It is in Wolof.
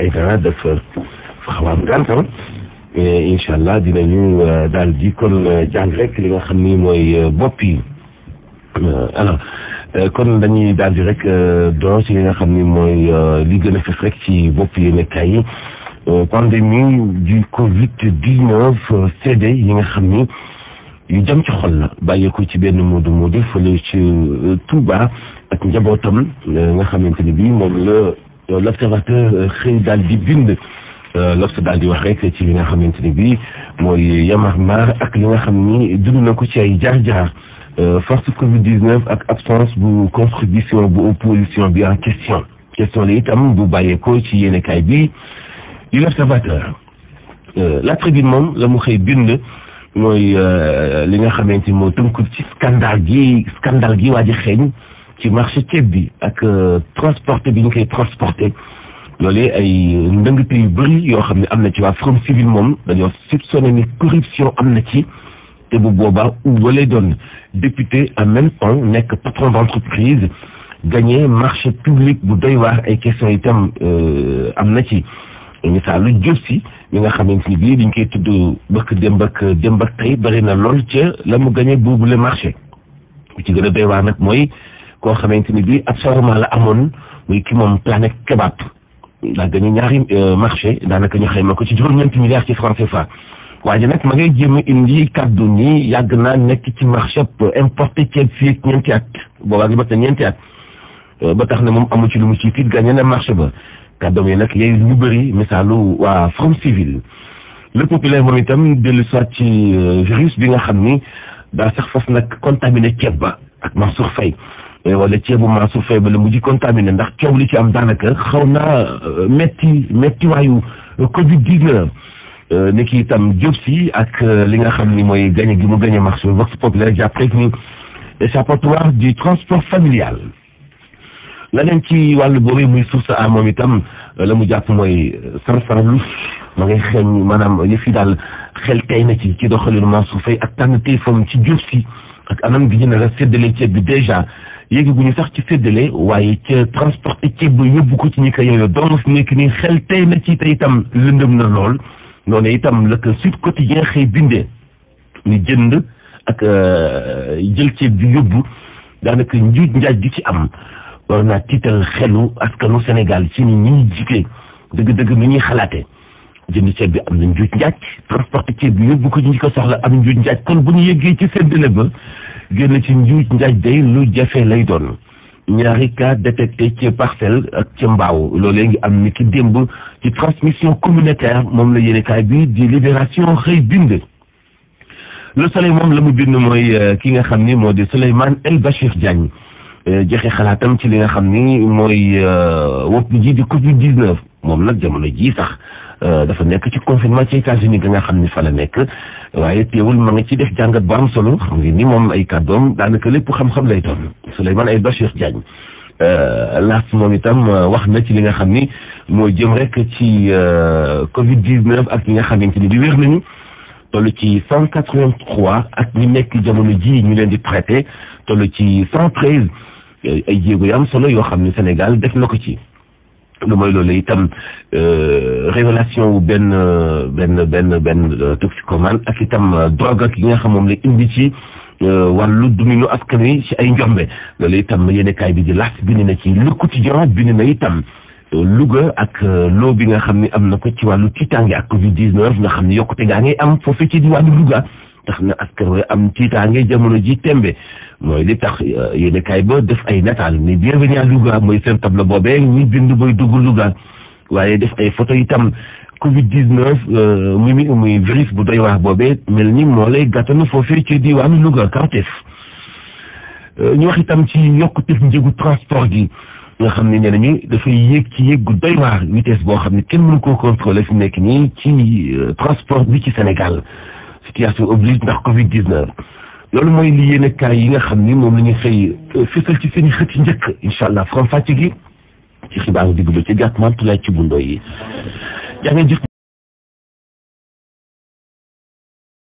Aïdara dafa xaw a am gàncax incha allah dinañu euh, daal di kon euh, jàng rek li nga xam ni mooy euh, bopp yi alors kon dañuy daal di rek door ci li nga xam ni mooy li gën a fës rek ci bopp yi nekkaay yi pandémie du Covid 19 CD yi nga xam ni yu jëm ci xol la bàyyeeku ci benn moodu moodu fële ci Touba ak njabootam nga xamante ni bii moom la. Euh, l'observateur xëy euh, daal di bind euh, loolu daal di wax rek ci li nga xamante ni bii mooy yamar maar ak li nga xam ni dund na ko ci ay jaar-jaar force Covid 19 ak absence bu contribution bu opposition bi en question question la itam bu bàyyeekoo ci yéenekaay bi di l'observateur la tribune moom la mu xëy bind mooy li nga xamante ni moo tënkul ci scandale gi scandale xeeñ ci marché ceeb bi ak euh, transporté bi ñu koy transporté loolee ay ndëngte yu bëri yoo xam ne am na ci waa Forum Civil moom dañoo soupçonné ni corruption am na ci te bu boobaa Uba lay doon député en même temps nekk patron d'entreprise gagné marché publique bu doy waar ay question itam euh, am na ci misaalu Diop si mi nga xamante ni bii dañ koy tudd bëkk démb ak démb ak tey bëri na lool ca la mu gagné boobu le marché bu ci gën a doy waar nag mooy koo xamante ni bii absorbement la amoon muy ki moom planète kebab daa gagné ñaari euh, marché daanaka ñu xayma ko ci juróom-ñeenti milliards ci franc CFA waaye nag ma ngay jéem indi kaddu ni yàgg naa nekk ci marché importé ceeb fii ak ñeenti at boobaa gi bat na ñeenti at euh, ba tax ne moom amu ci lu mu ci tiit gagné na marché ba kàddoom yi nag yooyu ñu bëri misaalu waa Front Civil le populaire moom itam dellu soit ci euh, virus bi nga xam ni daa sax fas nag contaminé ceeb ba ak Mansour Faye Euh, wala ceebu maasu faible mu ji contaminé ndax coow li ci am daanaka xaw naa euh, metti mettiwaayu Covid 19. Euh, ni ki itam Diop si ak li nga xam ni mooy gagné gi mu gagné marché Vox Populaire jàpp rek ni échappatoire du transport familial. la leen ci wàllu boobu muy source a moom itam la mu jàpp mooy sarsarlu ma ngay xeeñ maanaam yëf yi daal xel tey na ci ci doxalinu Mansour Faye ak tànn téyfam ci Diop ak anam gi ñu ne la séddale ceeb bi dèjà ñu sax ci séddale waaye ca transporté ceeb ba yóbbu ko ci ñi ko yeyoo doon fi nekk nii xel tey na ci tey itam lëndëm na lool noonu itam la ko Sud Quotidien xëy bindee ni jënd ak euh, jël ceeb bi yóbbu daanaka njuuj njaaj gi ci am war naa tiital xelu askanu Sénégal ci ni ñi ñu jiite dëgg-dëgg nu ñuy xalaate jënd ceeb bi am na njuuj njaaj transporté ceeb bi yóbbu ko ci ñi ko soxla am njuuj njaaj kon bu ñu yëggee ci séddale ba génn ci njuuj njaaj day lu jafe lay doon ñaari cas détecté ci parcelle ak ci mbaaw loolee ngi am ni ki démb ci transmission communautaire moom la yéenekaay bi di libération xëy bind le soleil moom la mu bind mooy euh, ki nga xam ni moo di Souleymane El Bachir Diagne euh, joxe xalaatam ci li nga xam ni mooy euh, wopp ji di covid 19 moom nag jamono jii sax euh, dafa nekk ci confinement ci États-Unis ga nga xam ni fa nekk waaye teewul ma nga ci def jàngat bu am solo xam nga moom ay kàddoom daanaka lépp xam-xam lay doon Souleymane ay Bachir Diagne euh, laas moom itam euh, wax na ci li nga xam ni moo jëm rek ci Covid 19 ak ñi nga xamante ni bi wér nañu toll ci cent quatre vingt trois ak ñi nekk jamono jii ñu leen di traité toll ci cent jéego yu am solo yoo xam ni Sénégal def na ko ci. lu mooy loolu itam euh, révélation wu benn benn benn benn euh, toxicomane ak itam tam euh, ak yi nga xam moom la indi ci wàllu dundinu askan wi ci ay njombe loolu itam yéen kaay bi di laas bind na ci le quotidien bind na tam Louga ak loo bi nga xam ni am na ko ci wàllu tiitaange ak Covid 19 nga xam ni yokkute gaa ngay am foofee ci diwaanu Louga. tax na askan wi am tiitaange jamono ji tembe mooy li tax euh, yéen kaay ba def ay nataal ni bienvenue à Louga mooy seen table boobee ñu bind booy dugg luga waaye def ay photo itam covid 19 euh, muy mi muy virus bu doy wax boobee mel ni moo lay gàttanu foofee ci diwaanu Louga kawteef euh, ñu wax itam ci yokkutef njëgu transport gi nga xam ne nee nañu dafay yéeg ci yéeg gu doy waar vitesse boo xam ne kenn mënu koo contrôler fi nekk nii ci transport bi ci Sénégal situation oblige ndax Covid 19 loolu mooy li yéen kaay yi nga xam ni moom la ñu xëy euh, fësal ci seen i xët yi njëkk incha allah faram fàcce gi ci xibaaru digg ba ca gàtt maam ci bundoo yi yaa ngi